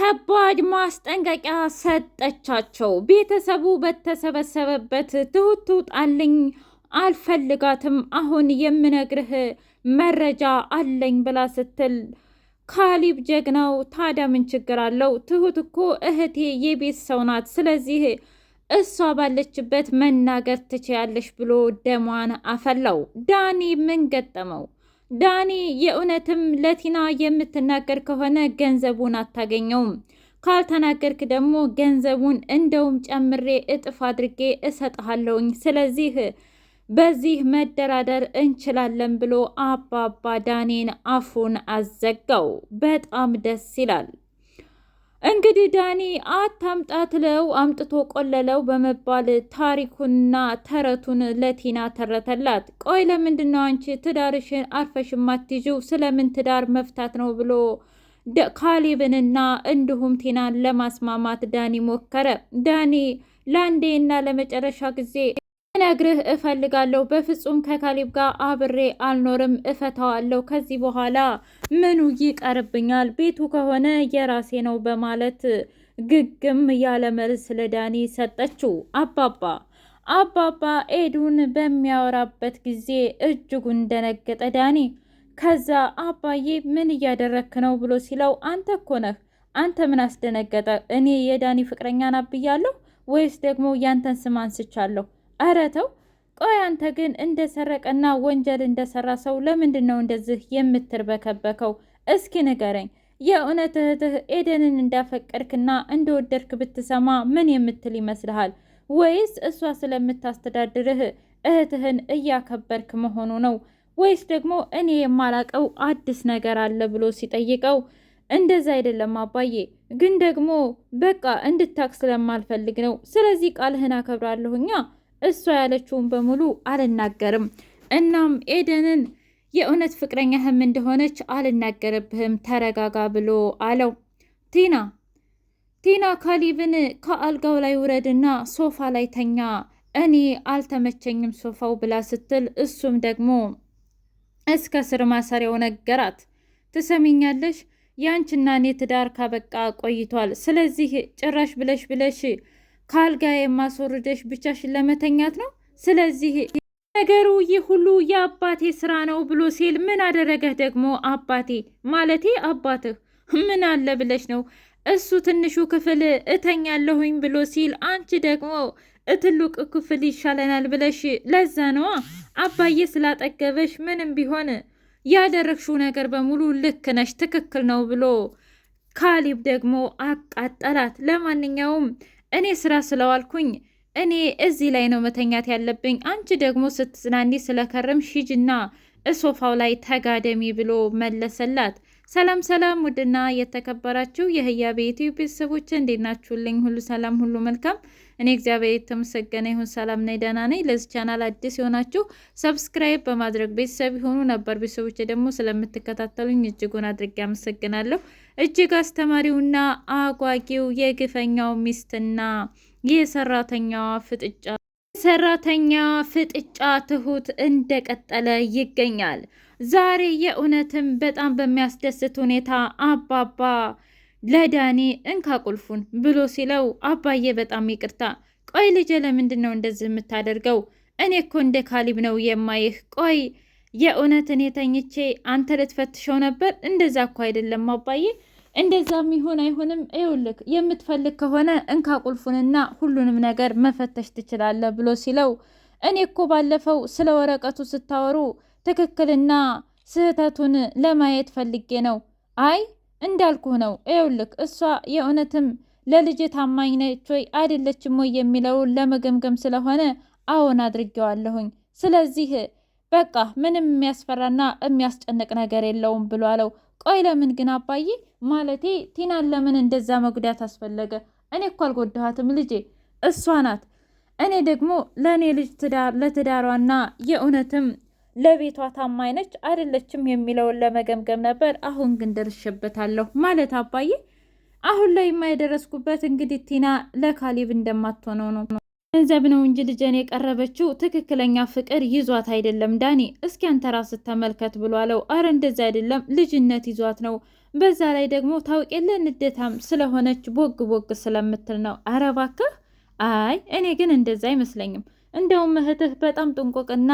ከባድ ማስጠንቀቂያ ሰጠቻቸው። ቤተሰቡ በተሰበሰበበት ትሁት ትውጣልኝ፣ አልፈልጋትም፣ አሁን የምነግርህ መረጃ አለኝ ብላ ስትል ካሊብ ጀግናው ታዲያ ምን ችግር አለው? ትሁት እኮ እህቴ የቤት ሰው ናት። ስለዚህ እሷ ባለችበት መናገር ትችያለሽ ብሎ ደሟን አፈላው። ዳኒ ምን ገጠመው? ዳኒ የእውነትም ለቲና የምትናገር ከሆነ ገንዘቡን አታገኘውም። ካልተናገርክ ደግሞ ገንዘቡን እንደውም ጨምሬ እጥፍ አድርጌ እሰጥሃለሁኝ። ስለዚህ በዚህ መደራደር እንችላለን ብሎ አባባ ዳኔን አፉን አዘጋው። በጣም ደስ ይላል። እንግዲህ ዳኒ አታምጣትለው አምጥቶ ቆለለው በመባል ታሪኩና ተረቱን ለቲና ተረተላት። ቆይ ለምንድን ነው አንቺ ትዳርሽን አርፈሽ ማትይዥው? ስለምን ትዳር መፍታት ነው ብሎ ካሊብንና እንዲሁም ቲናን ለማስማማት ዳኒ ሞከረ። ዳኒ ለአንዴና ለመጨረሻ ጊዜ እነግርህ እፈልጋለሁ። በፍጹም ከካሊብ ጋር አብሬ አልኖርም፣ እፈታዋለሁ። ከዚህ በኋላ ምኑ ይቀርብኛል? ቤቱ ከሆነ የራሴ ነው በማለት ግግም ያለ መልስ ለዳኒ ሰጠችው። አባባ አባባ ኤዱን በሚያወራበት ጊዜ እጅጉን ደነገጠ ዳኒ። ከዛ አባዬ ምን እያደረክ ነው ብሎ ሲለው አንተ እኮ ነህ አንተ ምን አስደነገጠ? እኔ የዳኒ ፍቅረኛ ናብያለሁ ወይስ ደግሞ ያንተን ስም አንስቻለሁ? ኧረ ተው ቆይ አንተ ግን እንደሰረቀና ወንጀል እንደሰራ ሰው ለምንድን ነው እንደዚህ የምትርበከበከው? እስኪ ንገረኝ። የእውነት እህትህ ኤደንን እንዳፈቀድክና እንደወደድክ ብትሰማ ምን የምትል ይመስልሃል? ወይስ እሷ ስለምታስተዳድርህ እህትህን እያከበርክ መሆኑ ነው? ወይስ ደግሞ እኔ የማላቀው አዲስ ነገር አለ ብሎ ሲጠይቀው እንደዛ አይደለም አባዬ፣ ግን ደግሞ በቃ እንድታክ ስለማልፈልግ ነው። ስለዚህ ቃልህን አከብራለሁኛ እሷ ያለችውን በሙሉ አልናገርም። እናም ኤደንን የእውነት ፍቅረኛህም እንደሆነች አልናገርብህም፣ ተረጋጋ ብሎ አለው። ቲና ቲና ካሊብን ከአልጋው ላይ ውረድና ሶፋ ላይ ተኛ፣ እኔ አልተመቸኝም ሶፋው ብላ ስትል እሱም ደግሞ እስከ ስር ማሰሪያው ነገራት። ትሰሚኛለሽ፣ ያንቺና እኔ ትዳር ካበቃ ቆይቷል። ስለዚህ ጭራሽ ብለሽ ብለሽ ካልጋ የማስወርደሽ ብቻሽን ለመተኛት ነው። ስለዚህ ነገሩ ይህ ሁሉ የአባቴ ስራ ነው ብሎ ሲል ምን አደረገህ ደግሞ አባቴ ማለቴ አባትህ ምን አለ ብለሽ ነው? እሱ ትንሹ ክፍል እተኛለሁኝ ብሎ ሲል አንቺ ደግሞ ትልቁ ክፍል ይሻለናል ብለሽ ለዛ ነዋ አባዬ ስላጠገበሽ ምንም ቢሆን ያደረግሽው ነገር በሙሉ ልክ ነሽ፣ ትክክል ነው ብሎ ካሊብ ደግሞ አቃጠላት። ለማንኛውም እኔ ስራ ስለዋልኩኝ እኔ እዚህ ላይ ነው መተኛት ያለብኝ። አንቺ ደግሞ ስትዝናኒ ስለከረም ሽጅና እሶፋው ላይ ተጋደሚ ብሎ መለሰላት። ሰላም ሰላም! ውድና የተከበራችሁ የህያ ቤቱ ቤተሰቦች እንዴት ናችሁልኝ? ሁሉ ሰላም፣ ሁሉ መልካም። እኔ እግዚአብሔር የተመሰገነ ይሁን ሰላም ነኝ፣ ደህና ነኝ። ለዚህ ቻናል አዲስ የሆናችሁ ሰብስክራይብ በማድረግ ቤተሰብ የሆኑ ነበር ቤተሰቦች ደግሞ ስለምትከታተሉኝ እጅጉን አድርጌ አመሰግናለሁ። እጅግ አስተማሪውና አጓጊው የግፈኛው ሚስትና የሰራተኛዋ ፍጥጫ ሰራተኛ ፍጥጫ ትሁት እንደቀጠለ ይገኛል። ዛሬ የእውነትም በጣም በሚያስደስት ሁኔታ አባባ ለዳኒ እንካ ቁልፉን ብሎ ሲለው አባዬ በጣም ይቅርታ፣ ቆይ ልጄ፣ ለምንድን ነው እንደዚህ የምታደርገው? እኔ እኮ እንደ ካሊብ ነው የማይህ። ቆይ የእውነት እኔ ተኝቼ አንተ ልትፈትሸው ነበር? እንደዛ እኮ አይደለም አባዬ። እንደዛም ይሁን አይሆንም፣ ይኸውልህ የምትፈልግ ከሆነ እንካ ቁልፉንና ሁሉንም ነገር መፈተሽ ትችላለህ ብሎ ሲለው እኔ እኮ ባለፈው ስለ ወረቀቱ ስታወሩ ትክክልና ስህተቱን ለማየት ፈልጌ ነው። አይ እንዳልኩህ ነው። ይኸውልህ እሷ የእውነትም ለልጅ ታማኝ ነች ወይ አይደለችም ወይ የሚለውን ለመገምገም ስለሆነ አዎን አድርጌዋለሁኝ። ስለዚህ በቃ ምንም የሚያስፈራና የሚያስጨንቅ ነገር የለውም ብሎ አለው። ቆይ ለምን ግን አባዬ? ማለቴ ቲናን ለምን እንደዛ መጉዳት አስፈለገ? እኔ እኮ አልጎዳሃትም ልጄ፣ እሷ ናት። እኔ ደግሞ ለእኔ ልጅ ለትዳሯና የእውነትም ለቤቷ ታማኝ ነች አይደለችም የሚለውን ለመገምገም ነበር። አሁን ግን ደርሼበታለሁ ማለት አባዬ፣ አሁን ላይ የማይደረስኩበት እንግዲህ ቲና ለካሊብ እንደማትሆነው ነው። ገንዘብ ነው እንጂ ልጄን የቀረበችው ትክክለኛ ፍቅር ይዟት አይደለም። ዳኒ እስኪ አንተ ራስህ ተመልከት ብሎ አለው። አረ እንደዚ አይደለም ልጅነት ይዟት ነው። በዛ ላይ ደግሞ ታውቄለ ንደታም ስለሆነች ቦግ ቦግ ስለምትል ነው። አረ እባክህ። አይ እኔ ግን እንደዛ አይመስለኝም። እንደውም እህትህ በጣም ጥንቁቅና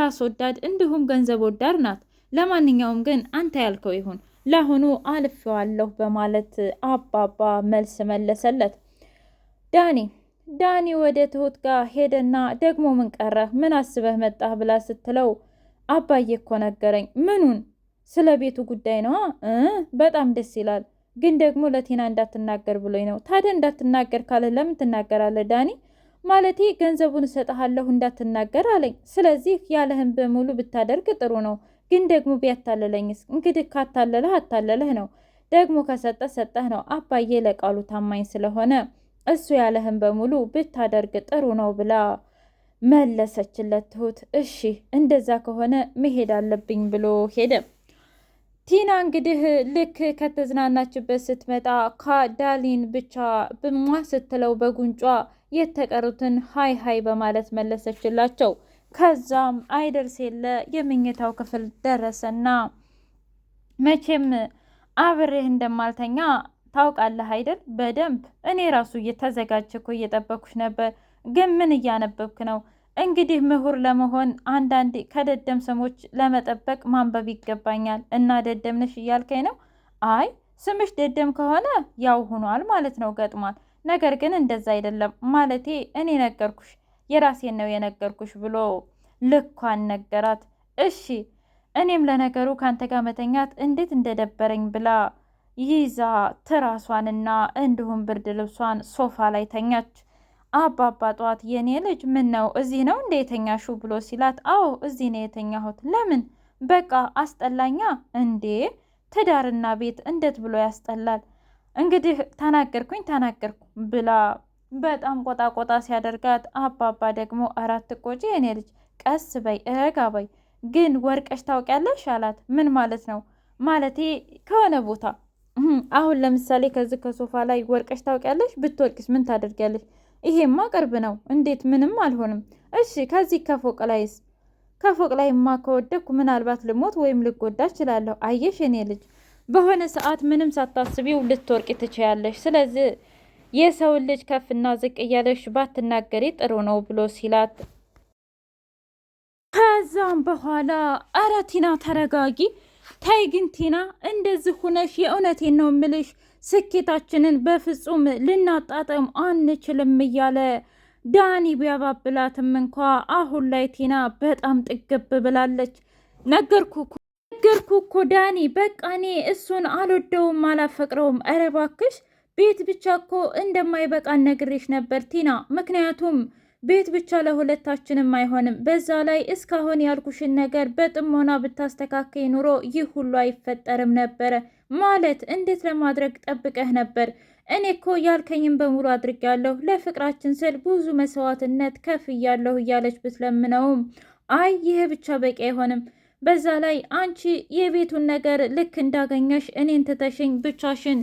ራስ ወዳድ እንዲሁም ገንዘብ ወዳድ ናት። ለማንኛውም ግን አንተ ያልከው ይሁን፣ ለአሁኑ አልፌዋለሁ በማለት አባባ መልስ መለሰለት ዳኒ ዳኒ ወደ ትሁት ጋር ሄደና ደግሞ ምን ቀረህ? ምን አስበህ መጣህ? ብላ ስትለው አባዬ እኮ ነገረኝ። ምኑን? ስለ ቤቱ ጉዳይ ነዋ። በጣም ደስ ይላል፣ ግን ደግሞ ለቴና እንዳትናገር ብሎኝ ነው። ታዲያ እንዳትናገር ካለ ለምን ትናገራለህ ዳኒ? ማለቴ ገንዘቡን እሰጥሃለሁ እንዳትናገር አለኝ። ስለዚህ ያለህን በሙሉ ብታደርግ ጥሩ ነው፣ ግን ደግሞ ቢያታለለኝስ? እንግዲህ ካታለለህ አታለለህ ነው፣ ደግሞ ከሰጠ ሰጠህ ነው። አባዬ ለቃሉ ታማኝ ስለሆነ እሱ ያለህን በሙሉ ብታደርግ ጥሩ ነው ብላ መለሰችለት። ትሁት እሺ እንደዛ ከሆነ መሄድ አለብኝ ብሎ ሄደ። ቲና እንግዲህ ልክ ከተዝናናችበት ስትመጣ ከዳሊን ብቻ ብሟ ስትለው በጉንጯ የተቀሩትን ሀይ ሀይ በማለት መለሰችላቸው። ከዛም አይደርስ የለ የምኝታው ክፍል ደረሰና መቼም አብሬህ እንደማልተኛ ታውቃለህ አይደል? በደንብ እኔ ራሱ እየተዘጋጀ እኮ እየጠበኩሽ ነበር። ግን ምን እያነበብክ ነው? እንግዲህ ምሁር ለመሆን አንዳንዴ ከደደም ስሞች ለመጠበቅ ማንበብ ይገባኛል። እና ደደም ነሽ እያልከኝ ነው? አይ ስምሽ ደደም ከሆነ ያው ሆኗል ማለት ነው፣ ገጥሟል። ነገር ግን እንደዛ አይደለም ማለቴ እኔ ነገርኩሽ፣ የራሴን ነው የነገርኩሽ ብሎ ልኳን ነገራት። እሺ እኔም ለነገሩ ከአንተ ጋር መተኛት እንዴት እንደደበረኝ ብላ ይዛ ትራሷንና እንዲሁም ብርድ ልብሷን ሶፋ ላይ ተኛች። አባባ ጠዋት የኔ ልጅ ምን ነው እዚህ ነው እንደ የተኛሹ ብሎ ሲላት፣ አዎ እዚህ ነው የተኛሁት። ለምን? በቃ አስጠላኛ እንዴ! ትዳርና ቤት እንዴት ብሎ ያስጠላል። እንግዲህ ተናገርኩኝ ተናገርኩ ብላ በጣም ቆጣቆጣ ሲያደርጋት፣ አባባ ደግሞ አራት ቆጪ የኔ ልጅ ቀስ በይ ረጋ በይ ግን ወርቀሽ ታውቂያለሽ አላት። ምን ማለት ነው? ማለቴ ከሆነ ቦታ አሁን ለምሳሌ ከዚህ ከሶፋ ላይ ወርቀሽ ታውቂያለሽ? ብትወድቅሽ ምን ታደርጊያለሽ? ይሄማ ቅርብ ነው። እንዴት ምንም አልሆንም። እሺ ከዚህ ከፎቅ ላይስ? ከፎቅ ላይማ ከወደኩ ምናልባት ልሞት ወይም ልጎዳ እችላለሁ። አየሽ የኔ ልጅ በሆነ ሰዓት ምንም ሳታስቢው ልትወርቂ ትችያለሽ። ስለዚህ የሰውን ልጅ ከፍና ዝቅ እያለሽ ባትናገሪ ጥሩ ነው ብሎ ሲላት ከዛም በኋላ አረ ቲና ተረጋጊ ታይ ግን ቲና እንደዚህ ሁነሽ የእውነቴን ነው ምልሽ ስኬታችንን በፍጹም ልናጣጠም አንችልም እያለ ዳኒ ቢያባብላትም እንኳ አሁን ላይ ቲና በጣም ጥግብ ብላለች። ነገርኩ ነገርኩ እኮ ዳኒ፣ በቃ እኔ እሱን አልወደውም አላፈቅረውም። ኧረ እባክሽ ቤት ብቻ እኮ እንደማይበቃን ነግሬሽ ነበር ቲና ምክንያቱም ቤት ብቻ ለሁለታችንም አይሆንም። በዛ ላይ እስካሁን ያልኩሽን ነገር በጥሞና ብታስተካከይ ኑሮ ይህ ሁሉ አይፈጠርም ነበረ። ማለት እንዴት ለማድረግ ጠብቀህ ነበር? እኔ እኮ ያልከኝም በሙሉ አድርጌያለሁ። ለፍቅራችን ስል ብዙ መስዋዕትነት እያለሁ እያለች ብትለምነውም አይ ይሄ ብቻ በቂ አይሆንም። በዛ ላይ አንቺ የቤቱን ነገር ልክ እንዳገኘሽ እኔን ትተሽኝ ብቻሽን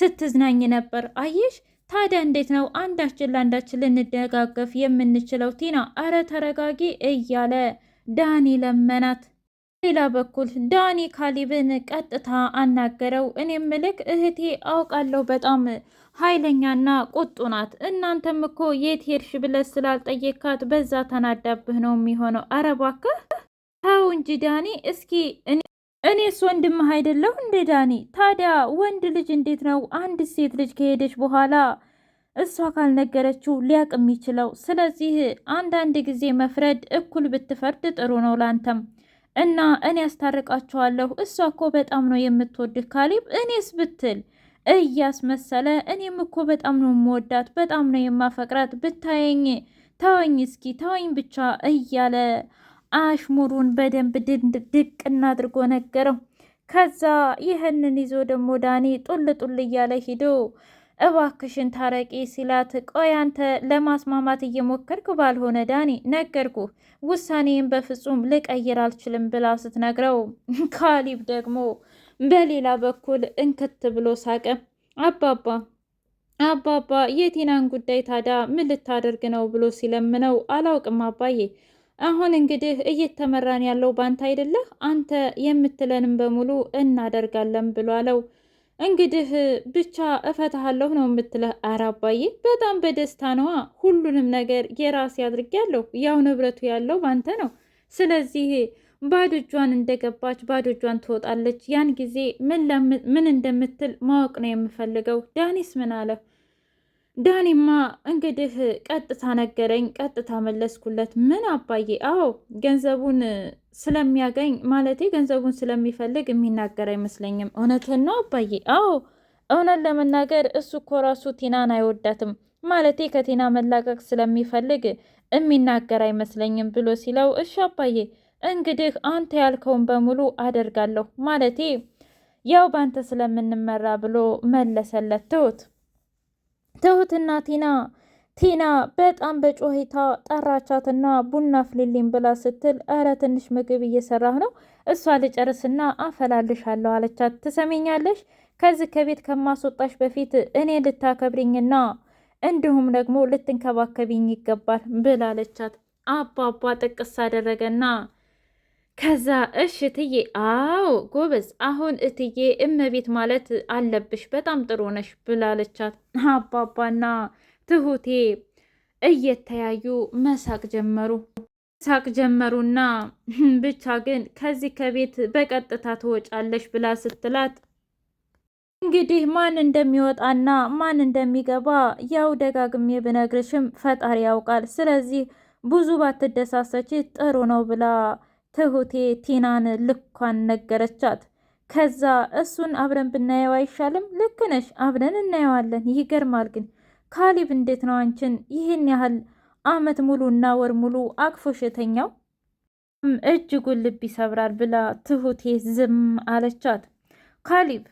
ስትዝናኝ ነበር። አየሽ ታዲያ እንዴት ነው አንዳችን ለአንዳችን ልንደጋገፍ የምንችለው? ቲና አረ ተረጋጊ እያለ ዳኒ ለመናት። ሌላ በኩል ዳኒ ካሊብን ቀጥታ አናገረው። እኔም ልክ እህቴ አውቃለሁ በጣም ኃይለኛና ቁጡ ናት። እናንተም እኮ የት ሄድሽ ብለሽ ስላልጠየካት በዛ ተናዳብህ ነው የሚሆነው። አረ እባክህ ተው እንጂ ዳኒ እስኪ እኔስ ወንድምህ አይደለሁ እንዴ ዳኒ? ታዲያ ወንድ ልጅ እንዴት ነው አንድ ሴት ልጅ ከሄደች በኋላ እሷ ካልነገረችው ሊያቅ የሚችለው? ስለዚህ አንዳንድ ጊዜ መፍረድ እኩል ብትፈርድ ጥሩ ነው ላንተም። እና እኔ ያስታርቃችኋለሁ፣ እሷ እኮ በጣም ነው የምትወድህ ካሊብ እኔስ ብትል እያስመሰለ እኔም እኮ በጣም ነው የምወዳት፣ በጣም ነው የማፈቅራት፣ ብታየኝ ተወኝ፣ እስኪ ተወኝ ብቻ እያለ አሽሙሩን በደንብ ድቅ እናድርጎ ነገረው። ከዛ ይህንን ይዞ ደግሞ ዳኒ ጡል ጡል እያለ ሂዶ እባክሽን ታረቂ ሲላት፣ ቆይ አንተ ለማስማማት እየሞከርክ ባልሆነ ዳኒ ነገርኩ፣ ውሳኔን በፍጹም ልቀይር አልችልም ብላ ስትነግረው፣ ካሊብ ደግሞ በሌላ በኩል እንክት ብሎ ሳቀ። አባባ አባባ የቲናን ጉዳይ ታዲያ ምን ልታደርግ ነው ብሎ ሲለምነው፣ አላውቅም አባዬ አሁን እንግዲህ እየተመራን ያለው ባንተ አይደለህ፣ አንተ የምትለንም በሙሉ እናደርጋለን ብሎ አለው። እንግዲህ ብቻ እፈታሃለሁ ነው የምትለህ? አረ አባዬ በጣም በደስታ ነዋ። ሁሉንም ነገር የራሴ አድርጌያለሁ። ያው ንብረቱ ያለው ባንተ ነው። ስለዚህ ባዶ እጇን እንደገባች ባዶ እጇን ትወጣለች። ያን ጊዜ ምን እንደምትል ማወቅ ነው የምፈልገው። ዳኒስ ምን አለ? ዳኒማ እንግዲህ ቀጥታ ነገረኝ፣ ቀጥታ መለስኩለት። ምን አባዬ? አዎ ገንዘቡን ስለሚያገኝ ማለቴ ገንዘቡን ስለሚፈልግ የሚናገር አይመስለኝም። እውነትን ነው አባዬ? አዎ እውነት ለመናገር እሱ እኮ ራሱ ቲናን አይወዳትም፣ ማለቴ ከቲና መላቀቅ ስለሚፈልግ የሚናገር አይመስለኝም ብሎ ሲለው፣ እሺ አባዬ እንግዲህ አንተ ያልከውን በሙሉ አደርጋለሁ፣ ማለቴ ያው ባንተ ስለምንመራ ብሎ መለሰለት ትሁት ትሁትና ቲና ቲና በጣም በጮሂታ ጠራቻትና ቡና አፍሊልኝ ብላ ስትል እረ ትንሽ ምግብ እየሰራህ ነው፣ እሷ ልጨርስና አፈላልሻለሁ አለቻት። ትሰሚኛለሽ፣ ከዚህ ከቤት ከማስወጣሽ በፊት እኔ ልታከብሪኝና እንዲሁም ደግሞ ልትንከባከቢኝ ይገባል ብላለቻት። አባባ ጥቅስ አደረገና ከዛ እሽ እትዬ፣ አዎ ጎበዝ፣ አሁን እትዬ እመቤት ማለት አለብሽ፣ በጣም ጥሩ ነሽ ብላለቻት። አባባና ትሁቴ እየተያዩ መሳቅ ጀመሩ ሳቅ ጀመሩና ብቻ ግን ከዚህ ከቤት በቀጥታ ትወጫለሽ ብላ ስትላት እንግዲህ ማን እንደሚወጣና ማን እንደሚገባ ያው ደጋግሜ ብነግርሽም ፈጣሪ ያውቃል። ስለዚህ ብዙ ባትደሳሰች ጥሩ ነው ብላ ትሁቴ ቲናን ልኳን ነገረቻት። ከዛ እሱን አብረን ብናየው አይሻልም? ልክ ነሽ፣ አብረን እናየዋለን። ይገርማል ግን ካሊብ እንዴት ነው አንቺን ይህን ያህል አመት ሙሉ እና ወር ሙሉ አቅፎሽ የተኛው? እጅጉን ልብ ይሰብራል ብላ ትሁቴ ዝም አለቻት። ካሊብ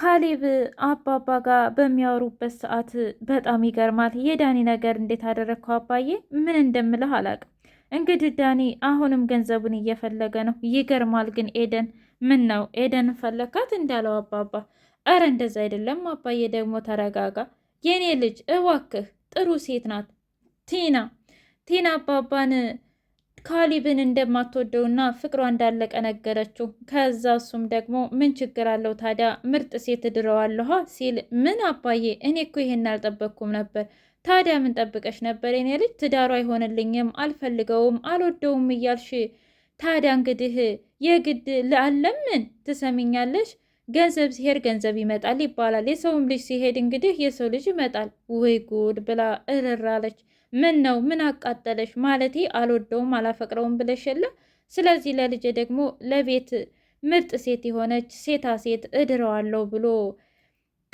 ካሊብ አባባ ጋር በሚያወሩበት ሰዓት በጣም ይገርማል። የዳኒ ነገር እንዴት አደረግከው አባዬ? ምን እንደምልህ አላቅም እንግዲህ ዳኒ አሁንም ገንዘቡን እየፈለገ ነው። ይገርማል ግን ኤደን ምን ነው ኤደን ፈለካት እንዳለው አባባ፣ እረ እንደዛ አይደለም አባዬ፣ ደግሞ ተረጋጋ የኔ ልጅ እባክህ፣ ጥሩ ሴት ናት ቲና። ቲና አባባን ካሊብን እንደማትወደውና ፍቅሯ እንዳለቀ ነገረችው። ከዛ እሱም ደግሞ ምን ችግር አለው ታዲያ ምርጥ ሴት እድረዋለኋ ሲል ምን አባዬ፣ እኔ እኮ ይሄን አልጠበቅኩም ነበር ታዲያ ምን ጠብቀሽ ነበር? የኔ ልጅ ትዳሩ አይሆንልኝም፣ አልፈልገውም፣ አልወደውም እያልሽ ታዲያ እንግዲህ የግድ ለአለምን ትሰሚኛለሽ። ገንዘብ ሲሄድ ገንዘብ ይመጣል ይባላል። የሰውም ልጅ ሲሄድ እንግዲህ የሰው ልጅ ይመጣል። ወይ ጉድ ብላ እርራለች። ምን ነው ምን አቃጠለሽ? ማለቴ አልወደውም አላፈቅረውም ብለሽ የለ። ስለዚህ ለልጄ ደግሞ ለቤት ምርጥ ሴት የሆነች ሴታ ሴት እድረዋለሁ ብሎ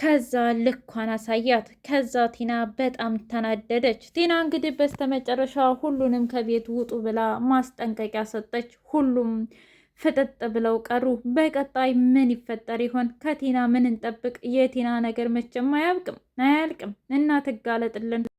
ከዛ ልኳን አሳያት። ከዛ ቲና በጣም ተናደደች። ቲና እንግዲህ በስተመጨረሻ ሁሉንም ከቤት ውጡ ብላ ማስጠንቀቂያ ሰጠች። ሁሉም ፍጥጥ ብለው ቀሩ። በቀጣይ ምን ይፈጠር ይሆን? ከቲና ምን እንጠብቅ? የቲና ነገር መቼም አያብቅም አያልቅም እና ትጋለጥልን